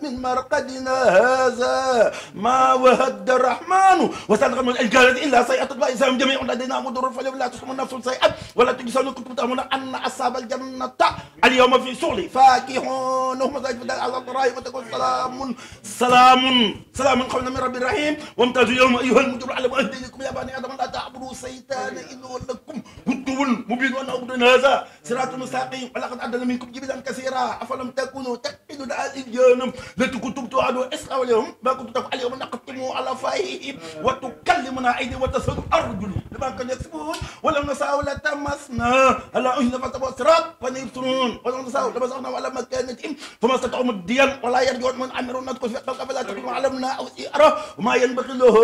من مرقدنا هذا ما وهد الرحمن وسنغم من الجلد إلا سيئة وإذا هم جميع لدينا مدر فلا تسمى نفس شيئا ولا تجسون كنتم تأمون أن أصحاب الجنة اليوم في سوري فاكهون هم زاجفة على الضرائب وتقول سلام سلام سلام قولنا من رب الرحيم وامتازوا اليوم ايها المجرم على والديكم يا بني ادم لا تعبدوا الشيطان انه لكم عدو مبين وانا عبد هذا صراط مستقيم ولقد عدل منكم جبلا كثيرا افلم تكونوا تقتلون الجانم لتكن تبت عدو اسرى اليوم ما كنت تفعل يوم نقتم على فاهم وتكلمنا ايدي وتسد ارجل لما كانوا يكسبون ولم نسعوا لتمسنا الا اهنا فتبوا الصراط فنيبصرون ولم نسعوا لمسعنا على مكانتهم فما استطاعوا مديا ولا يرجعون من امرنا ندخل في قلق فلا تكونوا علمنا او سيئرا وما ينبغي له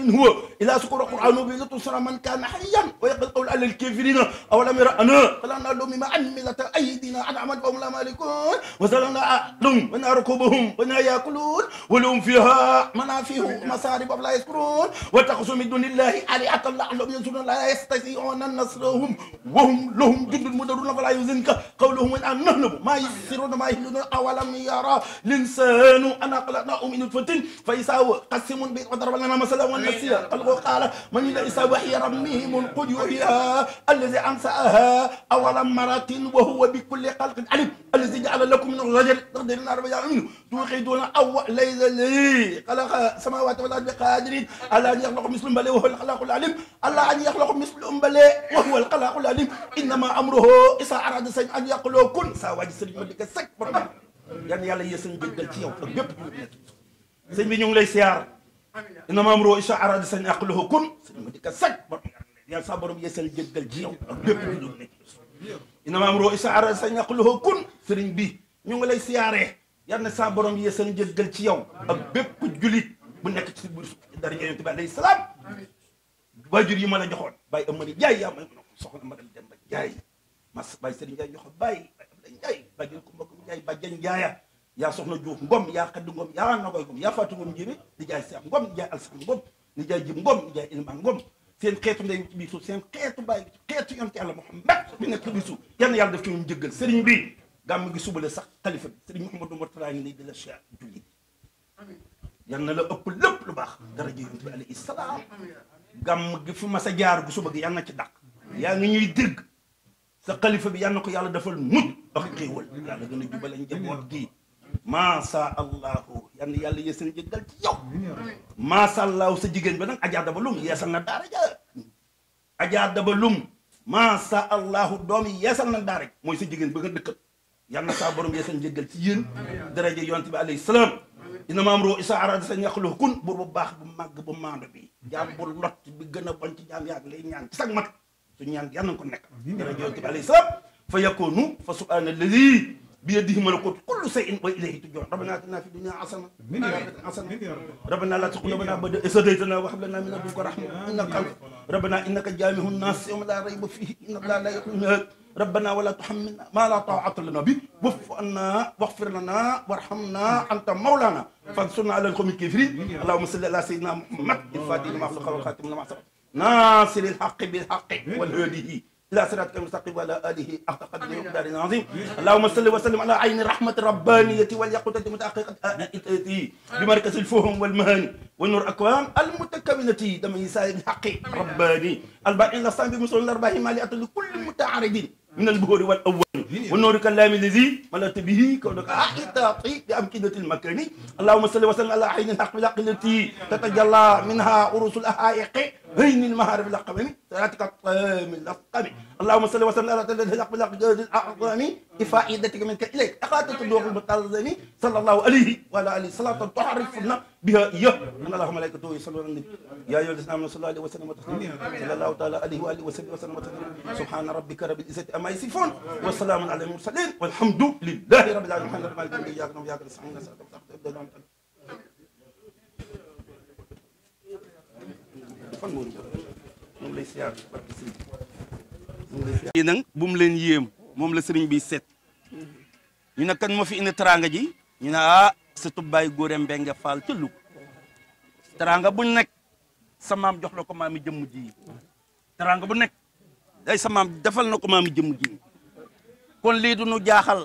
إن هو إلا سكر القرآن بلتسر من كان حيا ويقول القول على الكافرين أولم يرى أنا قلنا لهم ما عملت أيدينا عن عمد وهم لا مالكون وزلنا لهم من ركوبهم ونا يأكلون ولهم فيها منافع مسارب ولا يذكرون وتقسم من دون الله آلهة لعلهم ينصرون لا يستطيعون نصرهم وهم لهم جند مدرون فلا يزنك قولهم إن نهنب ما يسرون ما يهلون أولم يرى الإنسان أنا خلقناه من نطفة فإذا هو قسم بين وضرب لنا مثلا ونسي خلقه قال من ليس وحي رميه منقذ يحييها الذي انشاها اول مره وهو بكل خلق عليم الذي جعل لكم من الرجل تقدر النار بجعل منه توقدون او ليس لي خلق السماوات والارض بقادر على ان يخلق مثل بلي وهو الخلاق العليم على ان يخلق مثل بلي وهو الخلاق العليم انما امره اذا اراد شيئا ان يقول كن ساواج سليم لك سك yan yàlla yee sëñ bi dal ci yow ak bépp sëñ bi ñu ngi lay siyaar inama am roo isa arada sañ aqluhu kun sañ ma dikka saj yàlla sa borom yeesal jëggal ji yow lépp lu doon nekk inama am roo isa arada sañ aqluhu kun sëriñ bi ñu ngi lay siyaaree yàlla na sa borom yeesal jëggal ci yow ak bépp julit bu nekk ci biir dara yonent bi alayhi salaam waajur yi ma la joxoon bàyyi amari jaay yaa ma ne soxna ma dem ba jaay mas bàyyi sëriñ jaay joxo bàyyi bàyyi am la jaay bàyyi ko mbokk jaay bàjjan yaa soxna Diouf ngoom yaa Xadi Ngom yaa Nagoy Ngom yaa Fatou Ngom Ndiébé di jaay Seex Ngom di jaay Alsan Ngom di jaay Jib Ngom di jaay Ilman Ngom seen xeetu ndey bi suuf seen xeetu bàyyi xeetu yonent yàlla Muhammad bi nekk ci biir suuf yal na yàlla def ci ñun bi gàmm gi subale sax xalifa bi sëriñ Mouhamadou Mourtada ñu ne di la Cheikh julli na la ëpp lépp lu baax dara ji yonent bi gàmm gi fi mas a jaar gu suba gi yal na ci dàq yaa ngi ñuy dégg sa xalifa bi yal na ko yàlla defal mujj ak xéewal gën a jubale njaboot gi maasa allahu yal na yàlla yeesal jëggal ci yow maasa allahu sa jigéen ba nag ajaa daba lum yeesal na daara ja ajaa daba lum maasa allahu doom yi yeesal na daara mooy sa jigéen ba nga dëkkal yal na saa borom yeesal jëggal ci yéen daraja yonent bi alayhi salaam ina maam roo isa arada sa ñaqlu kun buur bu baax bu màgg bu maando bi jaam bu lot bi gën a bon ci jaam yaag lay ñaan ci sag mat su ñaan yal na ko nekk daraja yonent bi alayhi salaam fa yakunu fa subhaana alladi بيده ملكوت كل شيء واليه ترجعون ربنا اتنا في الدنيا حسنه ربنا لا تزغ قلوبنا بعد إذ هديتنا وهب لنا من لدنك رحمه انك انت ربنا انك جامع الناس يوم لا ريب فيه ان الله لا يخلف الميعاد ربنا ولا تحملنا ما لا طاعه لنا به واعف عنا واغفر لنا وارحمنا انت مولانا فانصرنا على القوم الكافرين اللهم صل على سيدنا محمد الفاتح لما خلق والخاتم لما سبق ناصر الحق بالحق والهادي إلى صراطك المستقيم وعلى آله حق قدره ومقدار العظيم اللهم صل وسلم على عين رحمة ربانية واليقظة متحققة آنائته بمركز الفهم والمهاني والنور أكوان المتكونة دم سائر حقي رباني الباقي الأصنام بمصر الأرباح مالئة لكل متعارض من البهور والأول والنور كلام الذي ملأت به كونك أحيطاقي بأمكنة المكان اللهم صل وسلم على عين الحق بالحق التي تتجلى منها أرس الأحائق هين المهار بالحق بني صلاتك الطام الأقام اللهم صل وسلم على سيدنا الحق بالحق جوز الأعظم بفائدتك منك إليك أخاذت الدوح المتازني صلى الله عليه وعلى آله صلاة تعرفنا بها إياه أن الله ملائكته يصلون على النبي يا أيها الذين آمنوا صلى الله عليه وسلم وتسليما صلى الله تعالى عليه وآله وسلم وسلم وتسليما سبحان ربك رب العزة أما يصفون وسلام على المرسلين والحمد لله رب العالمين الرحمن الرحيم إياك نعبد وإياك نستعين fan moo dugg moom lay siyaar nag bu leen yéem moom la sëriñ bi set ñu ne kan moo fi indi teraanga ji ñu ne ah sa tubbaay góore mbenge faal ca lug teraanga bu nekk samaam jox la ko maami jëmm ji teraanga bu nekk day sa defal na ko maami jëmm ji kon lii du nu jaaxal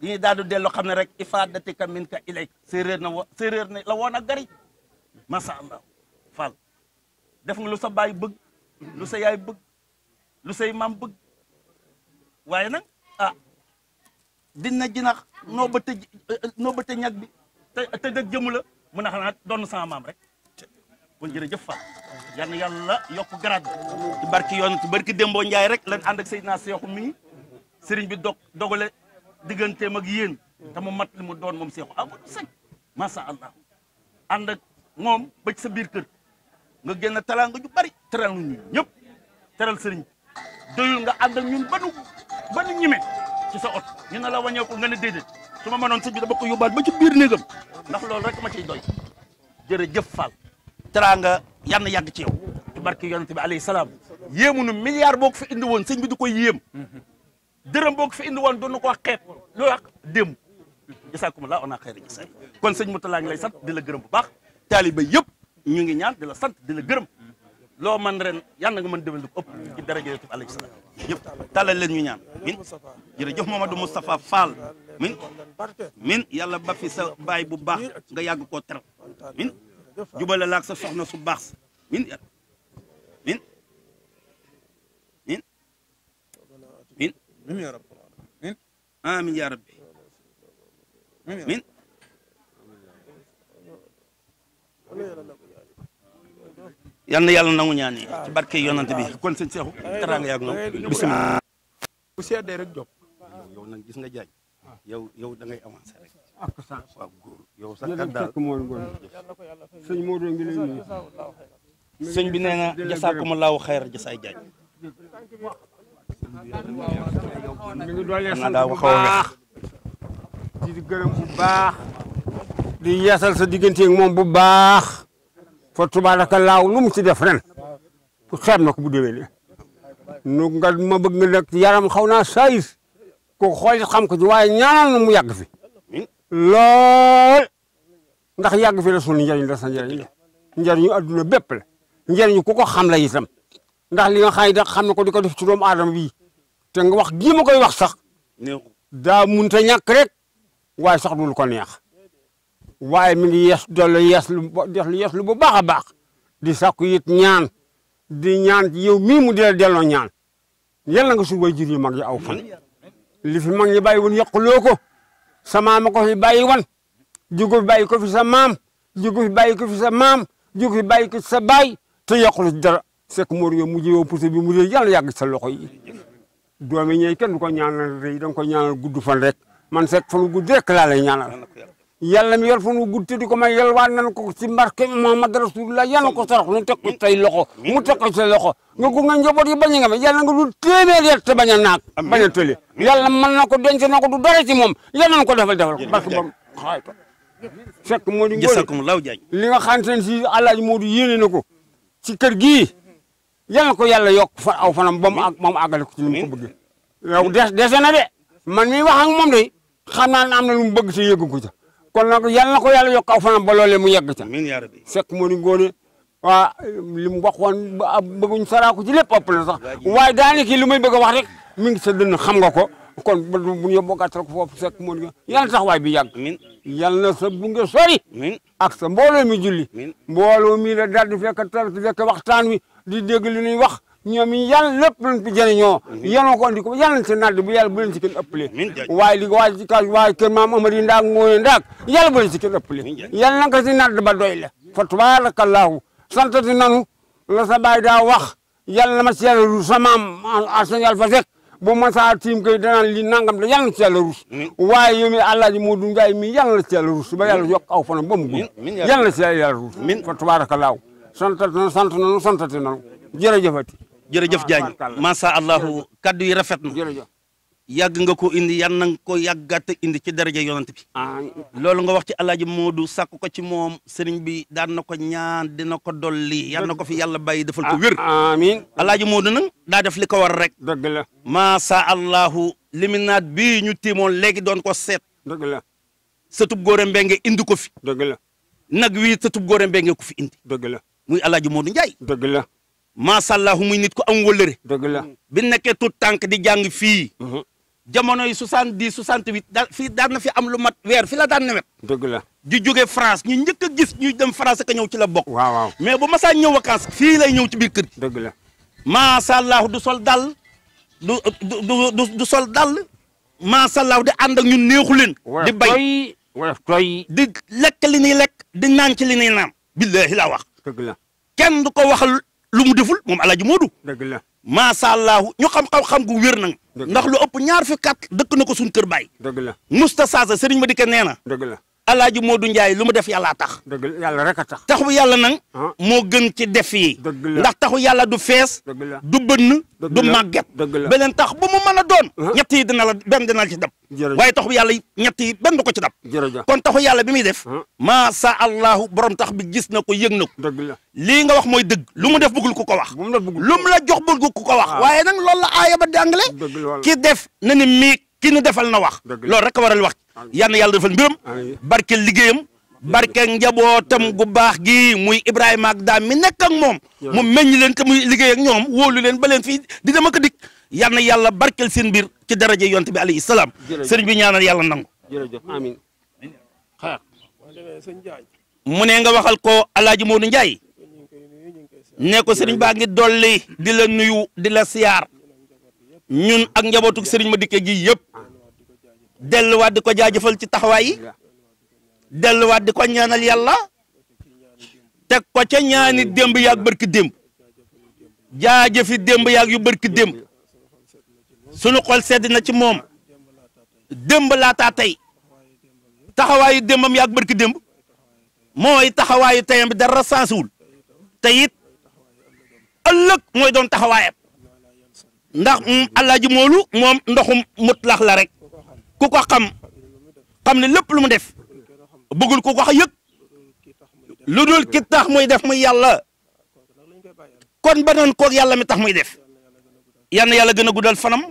li daal di delloo xam ne rek ifaadatika min ka ilayk séeréer na wa séeréer na la woon a gari masha Allah def nga lu sa baay bëgg lu sa yaay bëgg lu say maam bëgg waaye nag ah dina jinax noo ba noo ba ñag bi te te dëgg jëmu la mun a xanaa doon sama maam rek kon jërëjëf Fall yal na yàlla yokk garaat bi ci barki yoon ci barki Dembo njaay rek la ànd ak naa Seexu mii sëriñ bi dog dogale digganteem ak yéen te mat li mu doon moom Seexu Amadou Seck macha allah ànd ak moom ba sa biir kër nga génn nga ju bari teral ñu ñëpp teral sëriñ doyul nga ànd ñun ba nu ñime ci sa ot ñu ne la wàññeeku nga ne déedéet su ma mënoon sëñ bi dama ko yóbbaat ba ci biir néegam ndax loolu rek ma ciy doy jërëjëf Fall teraanga nga na yàgg ci yow ci barke yonente bi alayhi salaam yéemu nu milliard boo ku fi indi woon sëñ bi du ko yéem dërëm boo ko fi indi woon doon ko wax xeeb lu wax démb gisaakumulaa on a xayri gisaay kon sëñ Moutalla talaañ lay sant di la gërëm bu baax taaliba yëpp ñu ngi ñaan di la sant di la gërëm loo man ren yal na nga mën déwén lu ko ëpp ci dara jërëjëf alayhi salaam yëpp tàllal leen ñu ñaan min jërëjëf Mamadou Moustapha Fall min min yàlla ba fi sa baay bu baax nga yàgg koo teral min jubale laak sa soxna su baax min min min min amin rabbi min yan yàlla nangu ñaan yi ci barke yonante bi kon sëñ Seexu teraanga yaag noonu bisimilah rek jóg yow gis nga jaaj yow yow da ngay avancé rek ak sa sëñ bi nee na jasaakumulaahu xayr jasaay jaaj mi ngi doolee sant bu baax gërëm bu baax di yeesal sa digganteeg moom bu baax fa tubaaraka laaw nu mu ci def ren xeeb na ko bu déwénee nu nga ma bëgg nga nag yaram xaw na saayir ko xool xam ko ci waaye ñaanal na mu yàgg fi lool ndax yàgg fi la sunu njëriñ la sa njëriñ la njëriñu adduna bépp la njëriñu ku ko xam la itam ndax li nga xam ne xam na ko di ko def ci doomu aadama bii te nga wax gii ma koy wax sax daa munta ñàkk rek waaye sax du ko neex. waaye mi ngi yees dolli yees lu yees lu bu baax a baax di sakku yit ñaan di ñaan yow mi mu dee delloo ñaan yàlla nga suba jur yu mag yi aw fan. li fi mag ñi bàyyi woon yàquloo ko sa maam ko fi bàyyi wan jugu fi bàyyi ko fi sa maam jugu fi bàyyi ko fi sa maam jugu fi bàyyi ko fi sa baay te yàqulu dara sek moor yow mujj yow bi mu dee yàlla yàgg sa loxo yi. doomi ñëy ken du ko ñaanal don da nga ko ñaanal gudd fan rek man sekk fan gudd rek laa lay ñaanal. yàlla mi yor fu mu gudd di ko ma yalwaan nan ko ci mbarke Muhammad Rasulullah yal na ko sarax nu teg ko say loxo mu teg ko say loxo nga gunge njaboot yi bañ nga ma yàlla nga dul téeméer yet te naag bañ a tële yàlla na ko denc na ko du dara ci moom yal na ko defal defal ko parce que bam xayta fekk moo di ngóor li nga xamante ne si alaaji moo di yéene na ko ci kër gii yal na ko yàlla yokk fa aw fanam ba mu ak ba mu ko ci li mu ko bëggee dese na de man mi wax ak moom de xam naa ne na lu mu si te yëggu ko kon nag yal na ko yàlla yokk aw fanam ba mu yegg ca. amiin yaa rabbi sekk moo di ngóone waa li mu wax woon ba bëgguñ saraaku ci lépp ëpp na sax waaye daanaka li may bëgg a wax rek mi ngi sa dënn xam nga ko kon bu ñu yóbboo gàttal ko foofu sekk moo di yal na taxawaay bi yàgg. amiin yal na sa bunge sori. amiin ak sa mbooloo mi julli. amiin mbooloo mi la daal di fekk tar fekk waxtaan wi di dégg li ñuy wax. ñoom yi yàlla lépp luñ fi jëriñoo mhm. yéen ko andi ko bu yàlla bu leen si kenn ëppale waaye li waaye ci kaw waaye kër maam Amari Ndaak Ngoone Ndaak yàlla bu leen si kenn na ko si nadd ba doy la fa tabaarakallaahu nanu la sa baay daa wax na ma si yàlla ruus sa maam Asan Yàlla Fasek bu ma saa tiim koy li nangam da yàlla na si yàlla ruus waaye yow mi Alaaji Moodu Njaay mi yàlla na si yàlla ruus ba yàlla yokk aw fanam ba mu gudd yàlla na si yàlla ruus nanu sant nanu jërëjëf Diagne masa allahu kaddu yi rafet na yàgg nga ko indi yan na ko yàggaat indi ci daraja yonent bi. loolu nga wax ci El Hadj Modou sàkk ko ci moom sëriñ bi daan na ko ñaan dina ko dolli yal na ko fi yàlla bàyyi defal ko wér. amiin El Hadj Modou nag daa def li ko war rek. dëgg la macha allahu liminaat bi ñu tiimoon léegi doon ko seet. dëgg la sëtub góore mbenge indi ko fi. dëgg la nag wii sëtub góore mbenge ku fi indi. la muy El Hadj Modou Ndiaye. la. macha allah muy nit ku am wëllëre. dëgg la bi nekkee tout tànk di jàng fii. Mhm. jamono yi soixante dix soixante huit da fii daan na fi am lu mat weer fi la daan nawet. dëgg la di jóge France ñu njëkk a gis ñuy dem France ka ñëw ci la bokk. waaw waaw mais bu masaa ñëw vacances. fii lay ñëw ci biir kër gi. dëgg la macha allah du sol dal du du du du sol dal macha allah di ànd ak ñun neexu leen. di bay koy di lekk li ñuy lekk di naan ci li ñuy naan. billaahi laa wax. dëgg la kenn du ko waxal lu mu deful moom El Hadj Modou. dëgg la macha allah ñu xam xam-xam gu wér nag. ndax lu ëpp ñaar fi kat dëkk na ko suñu kër baay. dëgg la Moustapha Sase Serigne Madické nee na. dëgg la Alaaji Modou Ndiaye lu mu def yàlla tax. dëgg yàlla rek a tax. taxu yàlla nag. Ah. moo gën ci def yi. ndax taxu yàlla du fees. du bënn du màgget. beneen tax bu mu man a doon. Ah. ñett yi dina la benn dina la ci dab. waaye taxu yàlla ñett yi benn ko ci dab. kon taxu yàlla bi muy def. ma ah. macha allahu borom tax bi gis na ko yëg na ko. lii nga wax mooy dëgg. lu mu def bëggul ko ko wax. lu mu la jox bëggul ku ko wax. waaye nag loolu la aaya ba jàngale. ki def na ni miig. ki defal na wax loolu rek a waral wax yal na yàlla defal mbiram barke liggéeyam barke njabootam gu baax gi muy Ibrahima ak daam mi nekk ak moom mu meññ leen te muy liggéey ak ñoom leen ba leen fii di dem ak dik yal na yàlla barkeel seen mbir ci daraja yonte bi alayhi salaam sëriñ bi ñaanal yàlla nangu jërëjëf amiin mu ne nga waxal ko alaaji Moodu Njaay ne ko sëriñ baa ngi dolli di la nuyu di la siyaar ñun ak njabootu ma Madické gi yëpp delluwaat di ko jaajëfal ci taxawaay yi delluwaat di ko ñaanal yàlla teg ko ca ñaani démb yaag bërki démb jaajëfi démb yaag yu bërki démb sunu xol sedd na ci moom démb laataa tey taxawaayu dembam yaag bërki démb mooy taxawaayu teyam bi dara sensiwul te it ëllëg mooy doon taxawaayam ndax mm, alaaji moolu moom ndoxum mutlax la rek ku ko xam xam ne lépp lu mu def bëggul ku ko yëg lu dul ki tax muy def muy yàlla kon ba noon koog yàlla mi tax muy def yal na yàlla gën a guddal fanam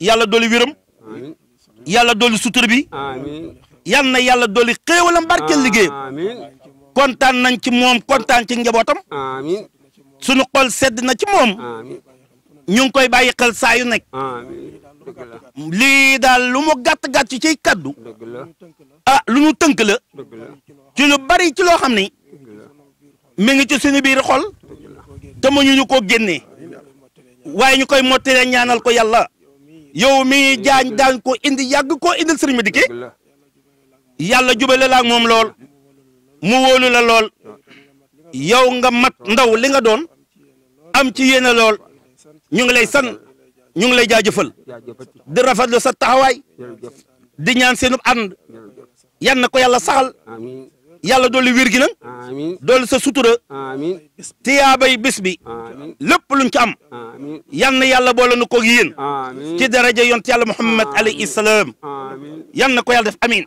yàlla dool wéram yàlla dool sutur bi yal na yàlla dool xéewalam barkeel liggéey kontaan nañ ci moom kontaan ci njabootam sunu xol sedd na ci moom ñu ngi koy bàyyi xel saa yu nekk. Ah, lii daal lu mu gàtt gàtt ci kàddu ah lu ñu tënk la. ci lu bari ci loo xam ni. mi ngi ci suñu biir xol. te mënuñu ko génnee. waaye ñu koy mottalee ñaanal ko yàlla. yow mi jaañ daan ko indi yàgg koo mi sëriñ Madické. yàlla jubale la moom lool. mu wóolu la lool. yow nga mat ndaw li nga doon. am ci yéene lool. ñu ngi lay san ñu ngi lay jaajëfal di rafetlu sa taxawaay di ñaan seenub ànd yan na ko yàlla saxal yàlla dolli wér gi nag sa sutura tiyaabay bis bi lépp luñ ci am yan na yàlla boole nu ko yéen ci daraja yont yàlla muhammad alayhi salaam yan na ko yàlla def amin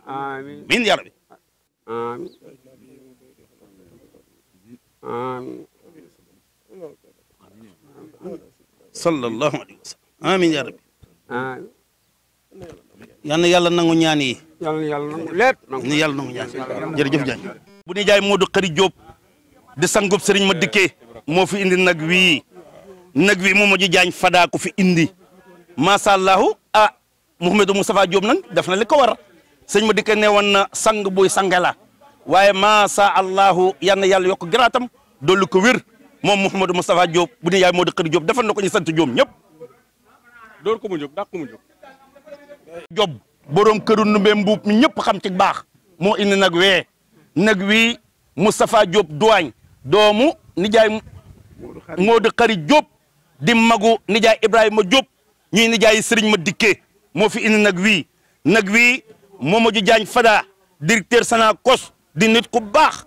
sallallahu alayhi wa sallam amin yaa rabbi yal na yàlla nangu ñaani yi na yàlla nangu lépp na yàlla nangu ñaan yi jërëjëf Jaañ bu ni jaay Modou di sangub sëriñ ma dikkee moo fi indi nag wii nag wii moom ma ji jaañ fadaa ko fi indi macha allahu ah Mouhamadou Moustapha Diop nag def na li ko war sëñ ma dikkee ne woon na sang buy sange la waaye allahu yal na yàlla yokk garaatam dolli ko wér moom Mouhamadou Moustapha joob bu dee moo di xëri Diop defal na ko ñu sant Diop ñëpp door ko mu jóg dàq boroom këru Ndoumbé Mbuub mi ñëpp xam ci baax moo indi nag wee nag wii Moustapha Diop duwaañ doomu nijaay moo di xëri Diop di magu nijaay Ibrahima Diop ñuy nijaay Serigne ma dikkee moo fi indi nag wii nag wii Momadou jaañ Fada directeur Sonacos di nit ku baax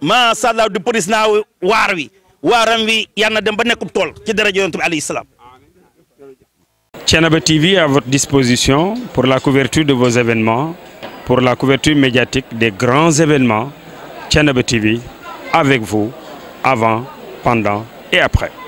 maa sha Allah di président waar wi waaram wi yàlla na dem ba nekkub tool ci daraja yonent bi alayhi salaam. Thiénaba TV à votre disposition pour la couverture de vos événements pour la couverture médiatique des grands événements Thiénaba TV avec vous avant pendant et après.